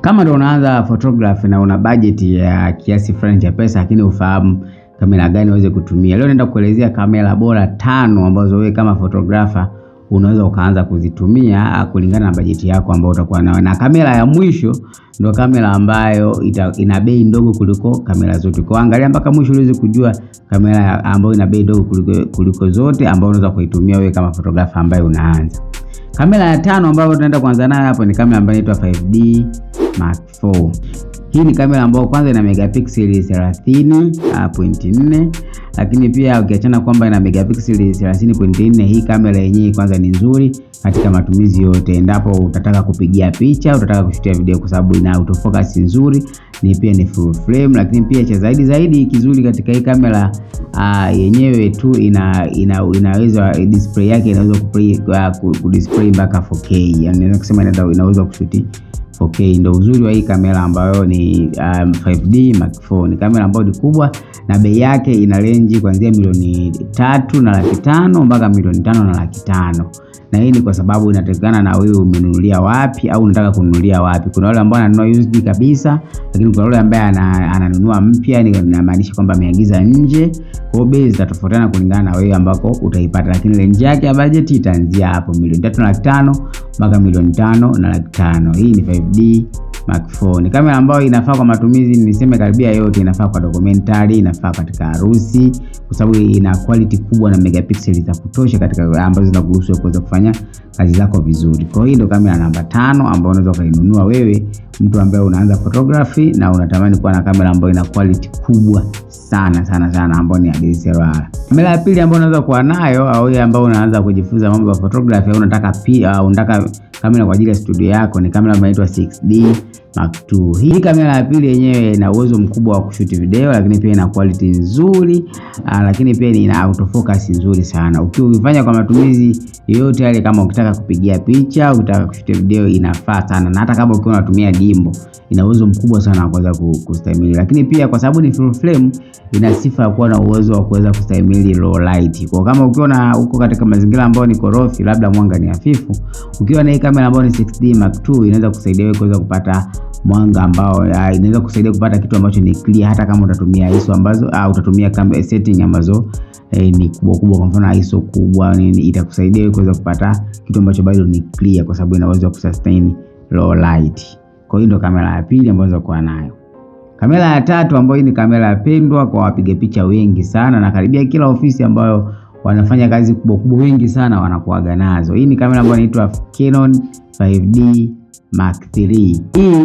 Kama ndo unaanza photography na una budget ya kiasi fulani cha pesa, lakini ufahamu kamera gani uweze kutumia, leo naenda kuelezea kamera bora tano ambazo wewe kama photographer unaweza ukaanza kuzitumia kulingana na bajeti yako ambayo utakuwa nayo. Na kamera ya mwisho ndo kamera ambayo ita, ina bei ndogo kuliko kamera zote. Kwa angalia mpaka mwisho uweze kujua kamera ambayo ina bei ndogo kuliko, kuliko zote ambayo unaweza kuitumia wewe kama photographer ambaye unaanza. Kamera ya tano ambayo tunaenda kuanza nayo hapo ni kamera ambayo inaitwa 5D Mark IV. Hii ni kamera ambayo kwanza ina megapixeli 30.4, ah, lakini pia ukiachana kwamba ina megapixeli 30.4, hii kamera yenyewe kwanza ni nzuri katika matumizi yote, endapo utataka kupigia picha, utataka kushutia video, kwa sababu ina autofocus nzuri, ni pia ni full frame. Lakini pia cha zaidi zaidi kizuri katika hii kamera uh, yenyewe tu ina, ina, inaweza display yake inaweza kudisplay ah, mpaka 4K, yani naweza kusema inaweza kushuti 4K. Ndio uzuri wa hii kamera ambayo ni um, 5D Mark 4. Ni kamera ambayo ni kubwa na bei yake ina renji kuanzia milioni tatu na laki tano mpaka milioni tano na laki tano na hii ni kwa sababu inategemea na wewe umenunulia wapi au unataka kununulia wapi. Kuna wale ambao wananunua used kabisa, lakini kuna wale ambaye ananunua mpya, inamaanisha kwamba ameagiza nje. Kwa hiyo bei zitatofautiana kulingana na wewe ambako utaipata, lakini range yake ya bajeti itaanzia hapo milioni tatu na laki tano mpaka milioni tano na laki tano. Hii ni 5D Mark 4 ni kamera ambayo inafaa kwa matumizi, niseme karibia yote. Inafaa kwa documentary, inafaa katika harusi, kwa sababu ina quality kubwa na megapixel za kutosha katika ambazo zinakuruhusu kuweza kufanya kazi zako vizuri. Kwa hiyo ndio kamera namba tano ambayo unaweza ukainunua wewe, mtu ambaye unaanza photography na unatamani kuwa na kamera ambayo ina quality kubwa sana sana sana, ambayo ni DSLR. Kamera ya pili ambayo unaweza kuwa nayo au ambayo unaanza kujifunza mambo ya photography au unataka pia unataka Kamera kwa ajili ya studio yako ni kamera ambayo inaitwa 6D Mark II. Hii kamera ya pili yenyewe ina uwezo mkubwa wa kushuti video, lakini pia ina quality nzuri, ah, lakini pia ina autofocus nzuri sana. Ukifanya kwa matumizi yoyote yale, kama ukitaka kupigia picha, ukitaka kushuti video, inafaa sana, na hata kama ukiwa unatumia gimbal ina uwezo mkubwa sana wa kuweza kustahimili, lakini pia kwa sababu ni full frame, ina sifa ya kuwa na uwezo wa kuweza kustahimili low light. Kwa kama ukiwa na uko katika mazingira ambayo ni korofi, labda mwanga ni hafifu, ukiwa na hii kamera ambayo ni 6D Mark II inaweza kusaidia wewe kuweza kupata mwanga ambao ah, inaweza kusaidia kupata kitu ambacho ni clear, hata kama utatumia ISO ambazo au ah, utatumia kama setting ambazo eh, ni kubwa kubwa, kwa mfano ISO kubwa nini, itakusaidia kuweza kupata kitu ambacho bado ni clear, kwa sababu inaweza kusustain low light. Kwa hiyo ndio kamera ya pili ambayo unaweza kuwa nayo. Kamera ya tatu ambayo hii ni kamera ya pendwa kwa wapiga picha wengi sana, na karibia kila ofisi ambayo wanafanya kazi kubwa kubwa wengi sana wanakuaga nazo. Hii ni kamera ambayo inaitwa Canon 5D Mark 3. Hii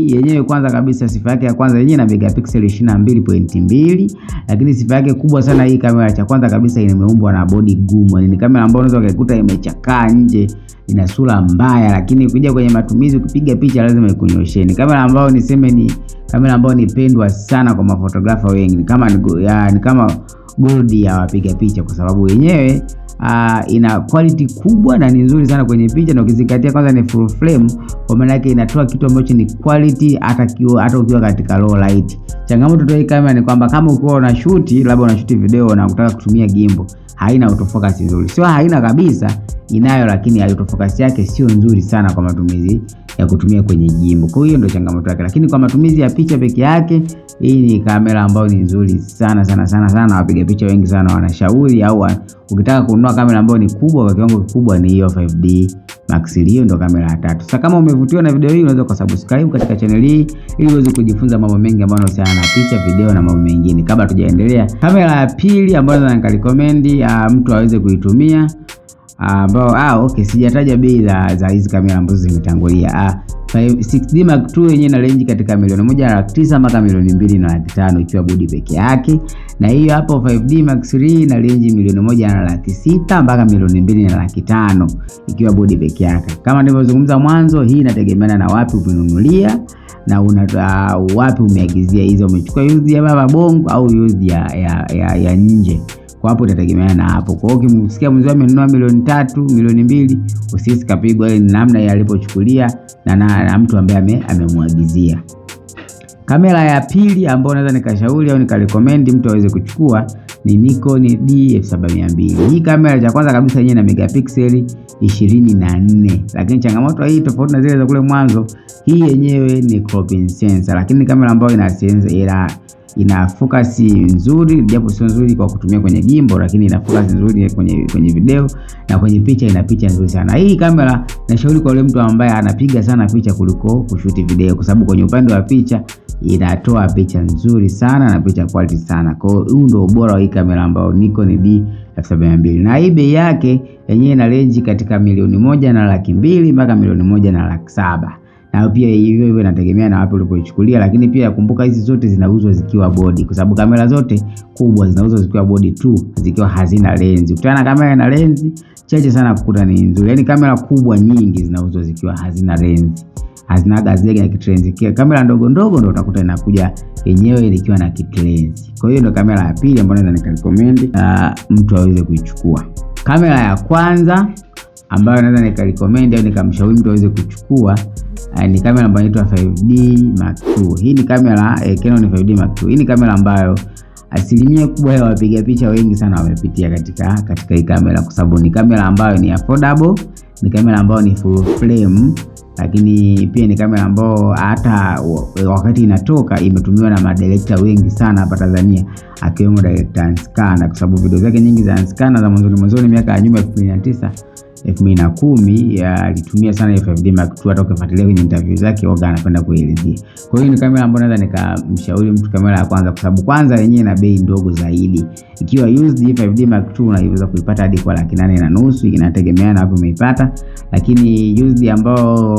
e yenyewe kwanza kabisa sifa yake ya kwanza yenyewe na megapixel 22.2, lakini sifa yake kubwa sana hii kamera, cha kwanza kabisa imeumbwa na body gumu. Yaani ni kamera ambayo unaweza ukaikuta imechakaa nje, ina sura mbaya, lakini ukija kwenye matumizi, ukipiga picha lazima ikunyosheni Ni kamera ambayo niseme ni kamera ambayo ni pendwa sana kwa mafotografa wengi, ni kama ni kama gold ya wapiga picha kwa sababu yenyewe Uh, ina quality kubwa na ni nzuri sana kwenye picha na ukizingatia kwanza ni full frame, kwa maana yake inatoa kitu ambacho ni quality, hata kiwa hata ukiwa katika low light. Changamoto tu hii kamera ni kwamba kama ukiwa shoot labda una shoot video na unataka kutumia gimbal, haina autofocus nzuri, sio haina kabisa, inayo, lakini autofocus yake sio nzuri sana kwa matumizi ya kutumia kwenye gimbal. Kwa hiyo ndio changamoto yake, lakini kwa matumizi ya picha peke yake, hii ni kamera ambayo ni nzuri sana sana sana sana. Wapiga picha wengi sana wanashauri au ukitaka kununua kamera ambayo ni kubwa kwa kiwango kikubwa, ni hiyo 5D Max hiyo ndo kamera ya tatu. Sasa kama umevutiwa na video hii, unaweza kusubscribe katika channel hii ili uweze kujifunza mambo mengi ambayo yanahusiana na picha, video na mambo mengine. Kabla tujaendelea, kamera ya pili ambayo naweza nikalikomenti ah, mtu aweze kuitumia ah, ambao ah, okay, sijataja bei za hizi kamera ambazo zimetangulia. Ah, 6D Mark II yenyewe ina range katika milioni moja na laki tisa mpaka milioni mbili na laki tano ikiwa bodi peke yake, na hiyo hapo 5D Mark III ina range milioni moja na laki sita mpaka milioni mbili na laki tano ikiwa bodi peke yake. Kama nilivyozungumza mwanzo, hii inategemeana na wapi umenunulia na una uh, wapi umeagizia hizo, umechukua used ya baba bongo au used ya, ya, ya, ya nje. Kwa hapo itategemea na hapo. Kwa hiyo ukimsikia mzee amenunua milioni tatu, milioni mbili, usisi kapigwa ile namna ya alipochukulia na, na, na mtu ambaye amemwagizia. Kamera ya pili ambayo naweza nikashauri au nikarecommend mtu aweze kuchukua ni Nikon D7200. Hii kamera cha kwanza kabisa yenyewe na megapixel ishirini na nne, lakini changamoto hii tofauti na zile za kule mwanzo, hii yenyewe ni cropping sensor, lakini kamera ambayo ina sensor ila ina focus nzuri japo sio nzuri kwa kutumia kwenye gimbal, lakini ina focus nzuri kwenye kwenye video na kwenye picha, ina picha nzuri sana hii kamera. Nashauri kwa yule mtu ambaye anapiga sana picha kuliko kushuti video, kwa sababu kwenye upande wa picha inatoa picha nzuri sana na picha quality sana. Kwa hiyo huu ndio ubora wa hii kamera ambayo Nikon D ya sabini na mbili na hii bei yake yenyewe ina range katika milioni moja na laki mbili mpaka milioni moja na laki saba na pia hivyo hivyo inategemea na wapi ulipoichukulia, lakini pia kumbuka hizi zote zinauzwa zikiwa bodi, kwa sababu kamera zote kubwa zinauzwa zikiwa bodi tu, zikiwa hazina lenzi. Ukutana na kamera na lenzi, chache sana kukuta ni nzuri. Yani kamera kubwa nyingi zinauzwa zikiwa hazina lenzi hazinaga zege na kitrenzi kile. Kamera ndogo ndogo ndo utakuta inakuja yenyewe likiwa na kitrenzi. Kwa hiyo ndo kamera ya pili ambayo naweza nikarecommend ah, mtu aweze kuichukua. Kamera ya kwanza ambayo naweza nikarecommend au nikamshauri mtu aweze kuchukua ah, ni kamera ambayo inaitwa 5D Mark II. Hii ni kamera eh, Canon 5D Mark II. Hii ni kamera ambayo asilimia kubwa ya wapiga picha wengi sana wamepitia katika katika hii kamera, kwa sababu ni kamera ambayo ni affordable, ni kamera ambayo ni full frame lakini pia ni kamera ambao hata wakati inatoka imetumiwa na madirekta wengi sana hapa Tanzania, akiwemo director Anscana, kwa sababu video zake nyingi za Anscana za mwanzoni mwanzoni miaka ya nyuma 2009 2010 mbili na kumi alitumia sana FFD Mark II. Hata ukifuatilia kwenye interview zake Oga anapenda kuelezea. Kwa hiyo ni kamera ambayo naweza nikamshauri mtu kamera ya kwanza, kwa sababu kwanza yenyewe ina bei ndogo zaidi. Ikiwa used FFD Mark II unaweza kuipata hadi kwa laki nane na nusu, inategemea na wapi umeipata, lakini used ambayo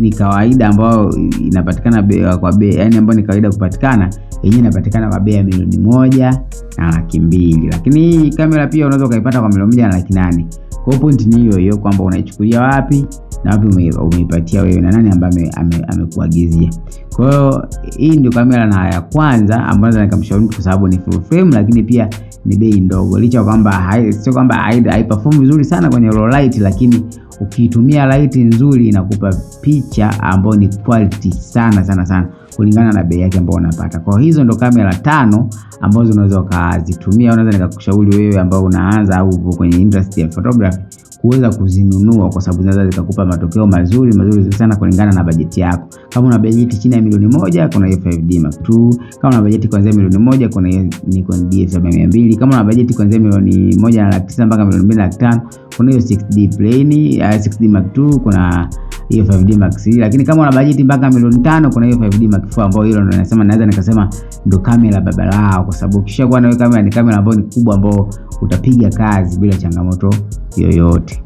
ni kawaida ambayo inapatikana bei kwa bei, yani ambayo ni kawaida kupatikana, yenyewe inapatikana kwa bei ya milioni moja na laki mbili, lakini kamera pia unaweza ukaipata kwa milioni moja na laki nane. Kwa hiyo point ni hiyo hiyo kwamba unaichukulia wapi na wapi umeipatia wewe na nani ambaye amekuagizia. ame Kwa hiyo hii ndio kamera na ya kwanza ambayo naweza nikamshauri mtu, kwa sababu ni full frame, lakini pia ni bei ndogo, licha ya kwamba sio kwamba haiperform vizuri sana kwenye low light, lakini ukiitumia light nzuri inakupa picha ambayo ni quality sana sana sana kulingana na bei yake ambayo unapata. Kwa hizo ndo kamera tano ambazo unaweza ukazitumia. Unaweza nikakushauri wewe ambao unaanza au upo kwenye industry ya photography kuweza kuzinunua kwa sababu zinaweza zikakupa matokeo mazuri mazuri sana kulingana na bajeti yako. Kama una bajeti chini ya milioni moja kuna hiyo 5D Mark II. Kama una bajeti kuanzia milioni moja kuna hiyo Nikon D7200. Kama una bajeti kuanzia milioni moja na laki mpaka milioni mbili na laki tano kuna hiyo 6D Plain, 6D Mark II kuna hiyo 5D Max, lakini kama una bajeti mpaka milioni tano kuna hiyo 5D Max 4 ambayo hilo ndo nasema naweza nikasema ndo kamera baba lao, kwa sababu ukishakuwa na hiyo kamera ni kamera ambayo ni kubwa ambayo utapiga kazi bila changamoto yoyote.